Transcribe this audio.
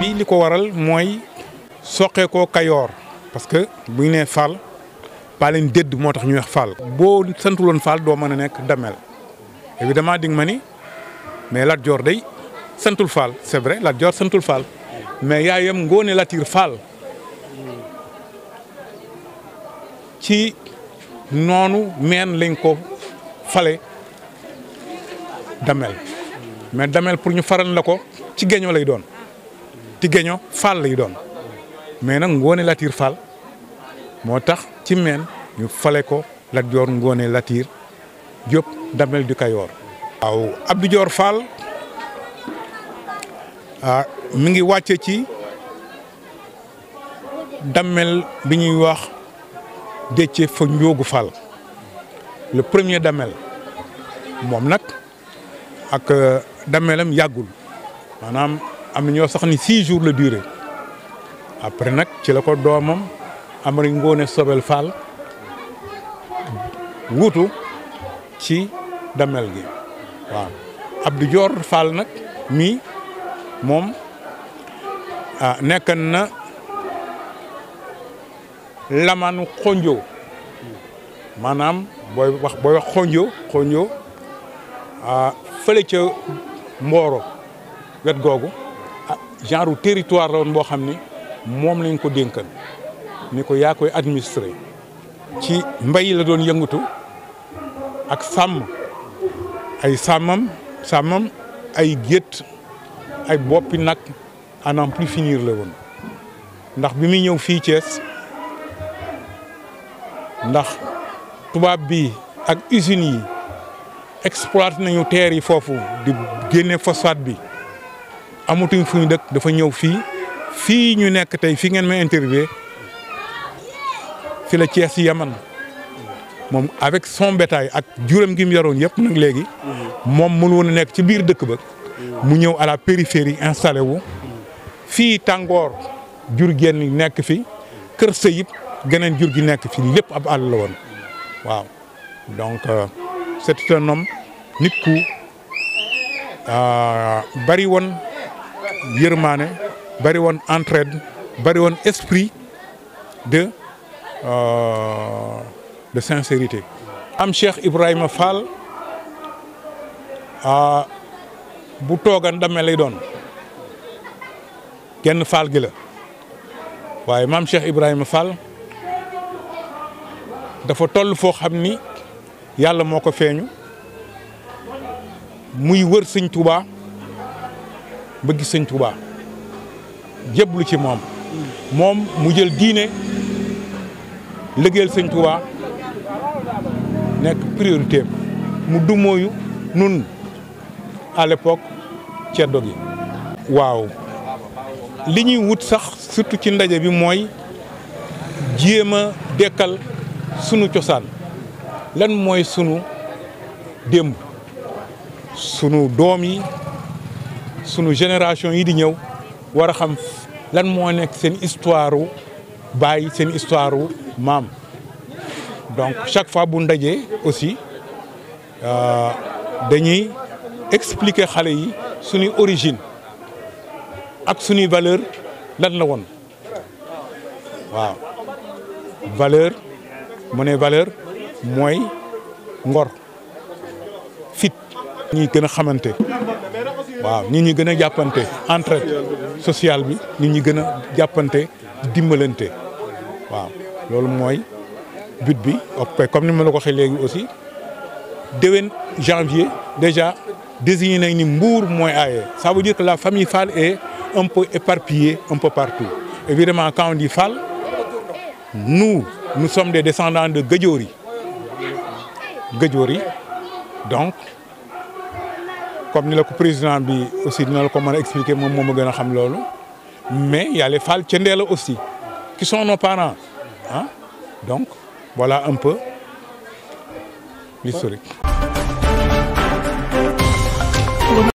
bi li ko waral mooy soqee koo Kayoor parce que bu ñu fal pa paalen dédd motax ñu wax fal bo santuloon Fall doo mën a nekk Damel évidemment di nga ni mais la jor day santul fal c'est vrai la jor santul fal mais yaayam la tir fal ci nonu men lañ ko falé Damel mais Damel pour ñu faral la ko ci gëñu lay doon. Tiguéño Fall lay doon mais nag Ngoone Latiir Fall moo tax ci meen ñu fale ko Lat Joor Ngoone Latiir Diop Damel du Kayoor. aw Abdou Dior Fall ah mi ngi wàcce ci damel bi ñuy wax Déthié fa Ndiogou Fall le premier damel moom nag ak euh, damelam yàggul maanaam. am ñoo sax ni 6 jours le durée après nak ci la ko am ri ngone sobel fall wutu ci damel gi wa abdou dior fall nak mi mom, nekkan na lamanu xonjo manam boy wax konyo wax xonjo xonjo fele ci wet gogou genre territoire la bo xamni mom lañ ko denkal ni ko yaa koy ci mbay la doon ak sam ay samam samam ay get ay bopi nak à plus finir le won ndax bi mi ñew fi ties ndax tubab bi ak usine yi exploiter nañu terre yi fofu di génné phosphate bi amatuñ fu ñu dëkk dafa ñëw fii fii ñu nekk tey fii ngeen may interviewé fi la yaman moom avec son bétail ak juróom gi mu yoroon yëpp nag léegi moom mënu woon a nekk ci biir dëkk ba mu ñëw à la périphérie installé wu fii tàngoor jur génn nekk fi kër sëyib geneen jur gi nekk fi lépp ab àll la woon waaw donc euh, c'est un homme ku euh, bari woon yërmaane bari woon entraide bari woon esprit de euh, de sincérité. am Cheikh Ibrahima Fall ah, bu toogan damee lay doon genn Fall gi la waaye maam Cheikh Ibrahima Fall dafa toll foo xam ni yàlla moo ko feeñu muy wër Sëñ bëgg sëñ Touba jéblu ci moom moom mu jël diine liggéeyal sëñ Touba nekk priorité mu dumooyu nun à l'époque ceddo gi waaw li ñuy wut sax surtout ci ndaje bi mooy jéem a dekkal sunu cosaan lan mooy sunu démb sunu doom yi sunu génération yi di ñëw war a xam lan moo nekk seen histoire wu baay seen histoire maam donc chaque fois bu ndajee aussi euh, dañuy expliquer xale yi suñu origine ak suñu valeur lan la won waaw valeur mu ne valeur mooy ngor nous sommes en sociale but bi comme ni ma ko aussi janvier déjà désigné nañ ni Mbour moy ça veut dire que la famille FAL est un peu éparpillée un peu partout évidemment quand on dit Fall nous nous sommes des descendants de Gëjoori Gëjoori donc comme le président bi aussi dina expliquer mon moma gëna xam lolu mais y a les fans aussi qui sont nos parents hein. donc voilà un peu l'historique